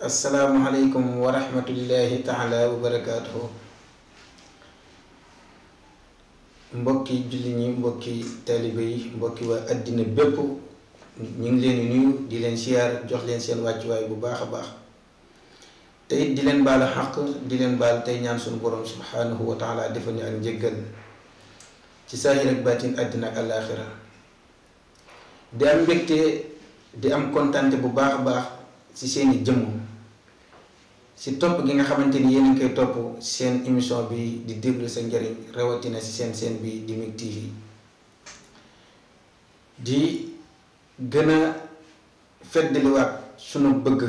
asalaamualeykum wa rahmatullahi taala wa barakaatuhu mbokki julli ñi mbokki taalibe yi mbokki waa àddina bépp ñu ngi leen di di leen siyaar jox leen seen wàccuwaay bu baax a baax te di leen baal xaq di leen baal tey ñaan suñu borom subhaanahu wa taala defal ñu ak njëggal ci saahir ak baatin àddina ak àllaaxira di am mbégte di am kontante bu baax a baax ci seeni jëmm si topp gi nga xamante ni yéen a ngi koy topp seen émission bi di déglu sa njëriñ rawatina si seen seen bi di MIG TV di gën a feddaliwaat sunu bëgg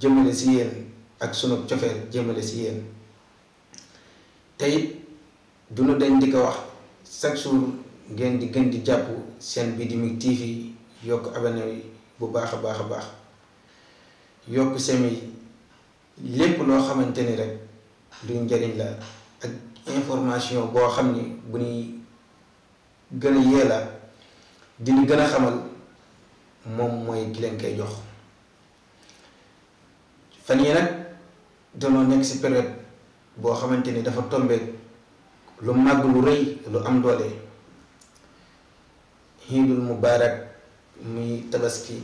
jëmale si yéen ak sunu cofeel jëmale si yéen tey du nu dañ di ko wax chaque jour ngeen di gën di jàpp seen bi di MIG TV yokk abonné yi bu baax a baax a baax yokk semi lépp lo xamanteni rek luñ njëriñ la ak information bo xamni bu ñuy gëna a di ñu gëna xamal mom moy ki leen kay jox fan yi nag danoo nekk ci période bo xamanteni dafa tombeek lu mag lu reuy lu am doole xiidul mubarak muy tabaski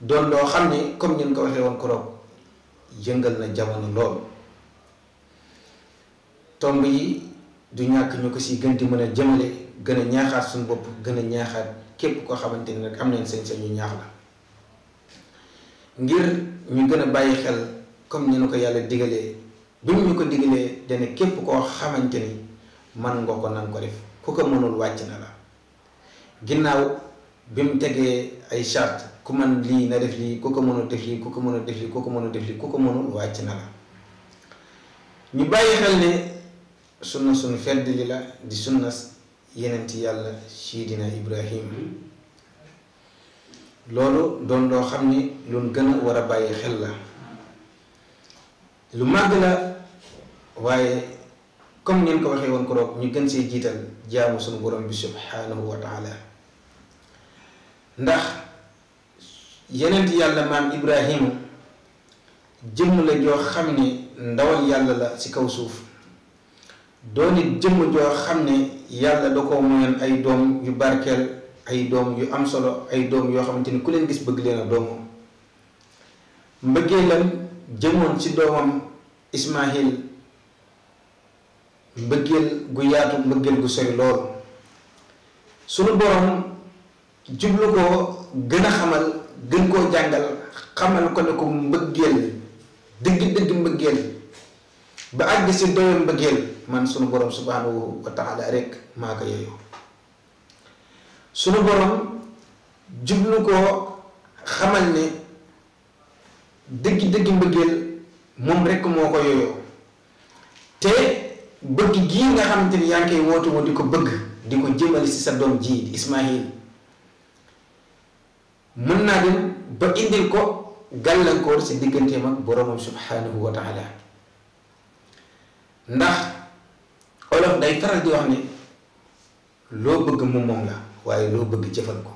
doon lo xam comme ñu ko waxee woon koroog yëngal na jamono lool tomb yi du ñàkk ñu ko si gën di mën a jëmale gën a ñaaxaat suñu bopp gën a ñaaxaat képp koo xamante ni nag am nañ sañ sañu ñaax la ngir ñu gën a bàyyi xel comme ni nu ko yàlla digalee bi mu ñu ko digalee dana képp koo xamante ni man nga ko nan ko def ku ko mënul wàcc na la ginnaaw bi mu tegee ay charte كمان لي نعرف لي كوكمونو تفلي كوكمونو تفلي كوكمونو تفلي كوكمونو واجتنا لا نبايع لنا سنة سنة فرد ليلا دي سنة ينتمي على شيدنا إبراهيم لولو دون لو خمني لون جن ورا بايع خلا لما قلنا واي كم ينكو وخي ونكروك نيكن سي جيتال جامو سن غورم بي سبحانه وتعالى نداخ yeneen yàlla maam Ibrahima jëmm la joo xam ni ndawal yàlla la ci kaw suuf doon it jëmm joo xam ni yàlla da ko mayoon ay doom yu barkeel ay doom yu am solo ay doom yoo xamante ni ku leen gis bëgg leen a doomam mbëggeelam jëmoon ci doomam Ismaahil mbëggeel gu yaatu mbëggeel gu sori lool sunu borom jublu ko gën a xamal gën koo jàngal xamal ko ne ko mbëggeel dëgg dëgg mbëggeel ba àgg si doyo mbëggeel man sunu borom subhanahu wa taala rek maa ko yeyoo sunu borom jublu koo xamal ne dëgg dëgg mbëggeel moom rek moo ko te bëgg gii nga xamante ni yaa ngi koy woote woo di ko bëgg di ko jëmale si sa doom ji Ismaïl mën naa dem ba indil ko gàllankoor si digganteem ak boromam subhanahu wa taala ndax olof day faral di wax ne loo bëgg mu la waaye loo bëgg jëfal ko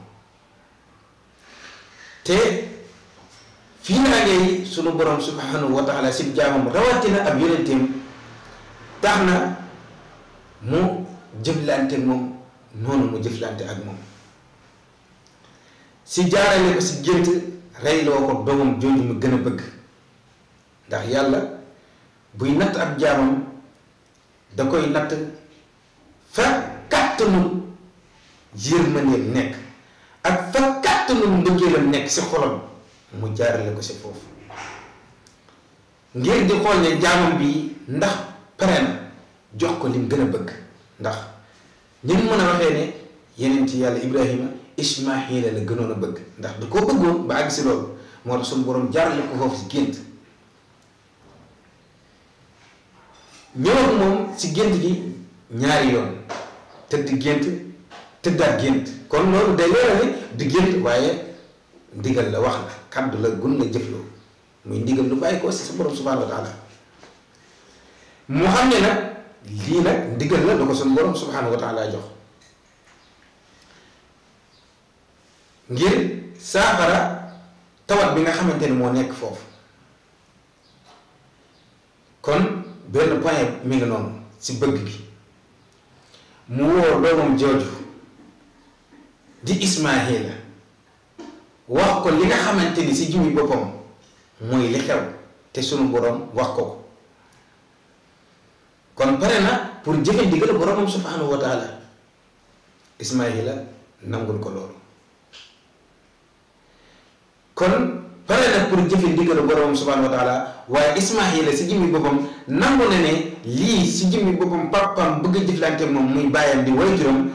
te fii naa ngay sunu borom subhanahu wa taala si jaamam rawatina ab yonenteem tax na mu jëflante moom noonu mu jëflante ak moom si jaarale ko si gént reyloo ko doomam jooju mu gën a bëgg ndax yàlla buy natt ab jaamam da koy natt fa kàttanu yërmandeem nekk ak fa kàttanu mbëggeelam nekk si xolam mu jaarale ko si foofu ngir di xool ne jaamam bi ndax pare na jox ko lim gën a bëgg ndax ñu mën a waxee ne yeneen ci yàlla Ibrahima إسماعيل اللي جنون بق ده دكوا بقون بعد سلول مرسوم برم جار لكوه في جند نيومهم في جند دي نياريون تد جند تد جند كل نور دليله دي جند وياه ديجال لواحد كاب دل جنون جفلو مين ديجال نباي كوس سبورم سبحان الله محمد لا لينا ديجال لا دكوا سبورم سبحان الله ngir saafara tawat bi nga xamante ni moo nekk foofu kon benn point mi ngi noonu si bëgg bi mu woo doomam jooju di la wax ko li nga xamante ni si jiwu boppam mooy li xew te sunu borom wax ko ko kon pare na pour jëfe ndigal boromam subhanahu wa taala Ismaahila nangul ko loolu. kon pare na pour jëfë ndigalu borom subhanahu wa taala wa ismaila ci jëmmi bopam nangu ne ne li ci jëmmi bopam papam bëgg jëflanté mom muy bayam di way juróom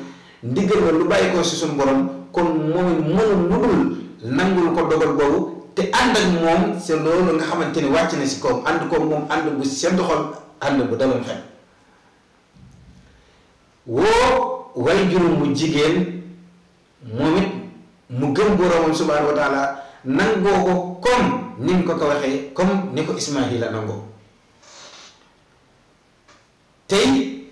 ndigal lu bàyyi ko si borom kon moom mënul mudul nangul ko dogal bobu te and ak mom c'est loolu nga xamanteni wacc na si ko and ko mom and bu sedd doxal and bu dalal xel Wo way juróom mu jigen momit mu gëm borom subhanahu wa taala nangoo ko comme ni nga ko ko waxee comme ni ko Ismaahila nangoo tey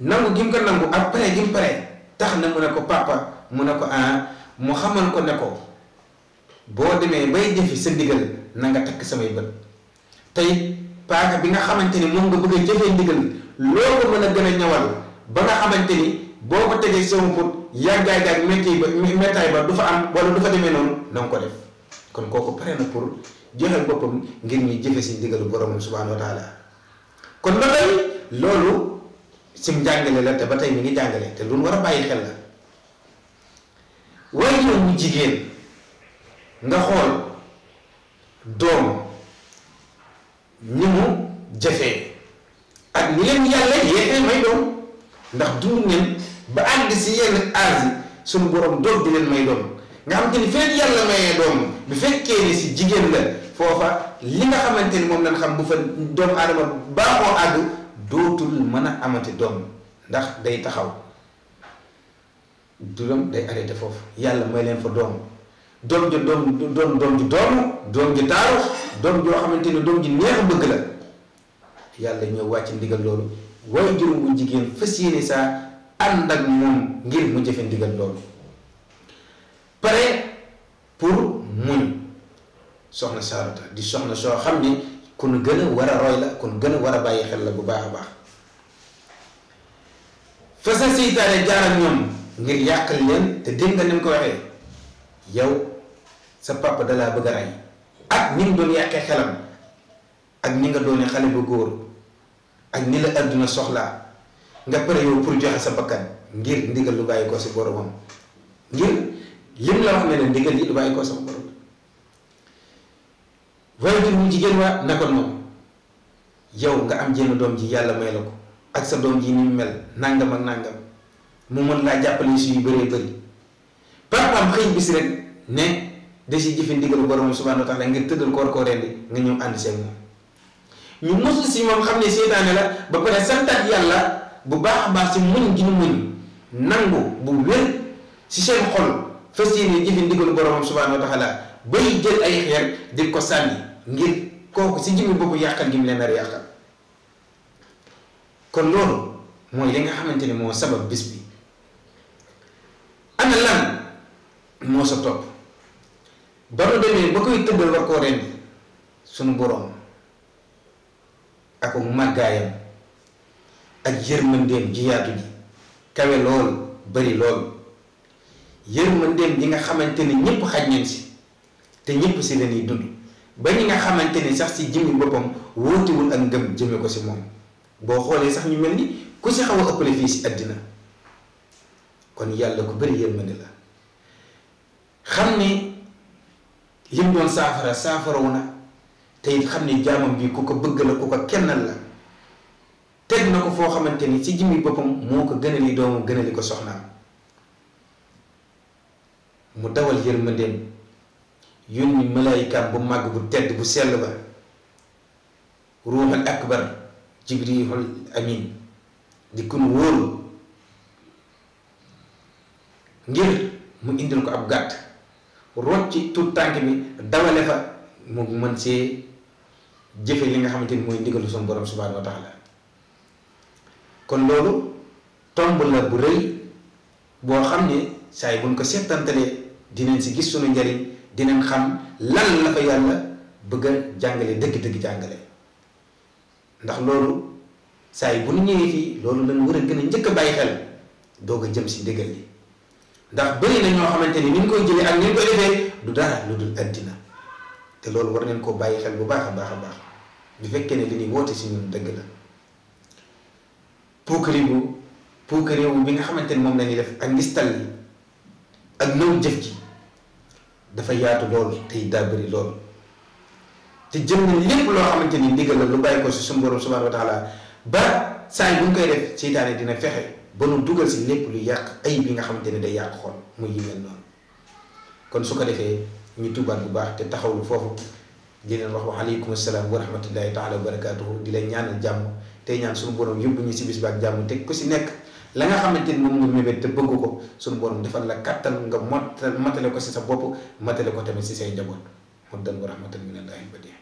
nangu gi mu ko nangu ak pare gi mu pare tax na mu ne ko papa mu ne ko ah mu xamal ko ne ko boo demee bay jëfi sa ndigal na nga takk samay bët tey paaka bi nga xamante ni moom nga bëgg a jëfee ndigal loo ko mën a gën ñawal ba nga xamante ni boo ko tegee sama put yàggaay gaag métti ba méttaay ba du fa am wala du fa demee noonu na nga ko def kon kooku pare na pour joxal boppam ngir ñuy jëfe si ndigalu boromam subhaanahu kon ba tey loolu si njàngale la te ba tey mi ngi jàngale te lu mu war a bàyyi xel la waaye yoon jigéen nga xool doom ñi mu jafee ak ñi leen yàlla yéexee may doom ndax dund ngeen ba àgg si yenn âge yi suñu borom doog di leen may doom nga xam te ni fekk yàlla mayee doom bu fekkee ni si jigéen la foofa li nga xamante ni moom lañ xam bu fa doomu aadama baaxoo àgg dootul mën a amati doom ndax day taxaw duram day arrêté foofu yàlla may leen fa doom doom ju doom doom doom ju doomu doom ju taaru doom joo xamante ni doom ji neex bëgg la yàlla ñëw wàcc ndigal loolu waaye juróom bu jigéen fas yéene saa ànd ak moom ngir mu jëfe ndigal loolu pare pour muñ soxna Saarata di soxna soo xam ni kon nu gën a war a roy la ku nu gën a war a bàyyi xel la bu baax a baax fa sa seytaane jaar ak ñoom ngir yàqal leen te dégg nga ko waxee yow sa papa dalaa bëgg a rey ak ni mu doon yàqee xelam ak ni nga doone xale bu góor ak ni la àdduna soxlaa nga pare yow pour joxe sa bakkan ngir ndigal lu bàyyi ko si boromam ngir lim la wax ne ndigal yi lu bàyyi ko sa borom di mu jigen wa naka noonu yow nga am jenn dom ji yalla may lako ak sa dom ji ni mel nangam ak nangam mu mën laa jàppale si yu bëree bëri am xey bis rek ne desi ci jëfe ndigal borom subhanahu wa taala ngir tëddal kor ko rendi nga ñu and ci ñu musul si mom xam ne la ba paré santat yalla bu baax baax ci muñ gi ñu muñ nangu bu wër ci seen xol fasiyene yéene jëfi ndigal borom subhanahu wa taala bay jël ay di ko sànni ngir koku si jëmi bopp yàqal gi mu leen nar yàqal kon loolu moy li nga xamanteni mo sabab bis bi ana lan mo sa top ba nu demee ba koy tëddal war ko rendi sunu borom ak magayam ak yërmandeem ji yaatu ji kawe lool bari lool yërmandeem ji nga xamante ni ñëpp xaj nañ si te ñëpp si lañuy dund ba ñi nga xamante ni sax si jëmmi boppam wóotiwul ak ngëm jëme ko si moom boo xoolee sax ñu mel ni ku si xaw a fii si àddina kon yàlla ku bari yërmande la xam ni lim doon saafara saafarawu na te xam ne jaamam bi ku ko bëgg la ku ko kennal la teg na ko foo xamante ci jimi bopam moko gënal li doomu li ko soxna mu dawal yërmandeem yónni malaika bu mag bu tedd bu sel ba ruhul akbar jibril amin di kun wóolu ngir mu indil ko ab gatt rocci tout tank bi dawale fa mu mën ci jëfe li nga xamanteni moy ndigalu borom subhanahu wa taala kon loolu tomb la bu rëy boo xam ne saa yi buñ ko settantalee dinañ si gis suñu njariñ dinañ xam lan la fa yàlla bëgg a jàngale dëgg-dëgg jàngale ndax loolu saa yi bu ñu ñëwee fii loolu lañ war a gën a njëkk bàyyi xel doog a jëm si ndigal li ndax bëri na ñoo xamante ni ni ñu koy jëlee ak ni ñu koy defee du dara lu dul addina te loolu war nañ koo bàyyi xel bu baax a baax a baax bu fekkee ne li ñuy woote si ñun dëgg la. puukareewu puukareewu bi nga xamante ni moom la ñuy def ak ngistal yi ak nëw jëf ji dafa yaatu bëri lool te jëm na lépp loo xamante ni ndigal la lu bàyyi ko si suñu borom subhanahu wa taala ba saa yi bu ñu koy def seytaane dina fexe ba nu dugal si lépp lu yàq ay bi nga xamante ni day yàq xol muy kon su ko defee ñu tubaat bu baax te taxawlu foofu di leen wax wa aleykum salaam wa rahmatullahi tey ñaan suñu borom yóbbu ñu si bis ak jàmm te ku si nekk la nga xamante ni moom nga mébét te bëgg ko suñu borom defal la kattan nga mottal matale ko si sa bopp matale ko tamit si say njaboot muddan wa rahmatan minallahi ba dee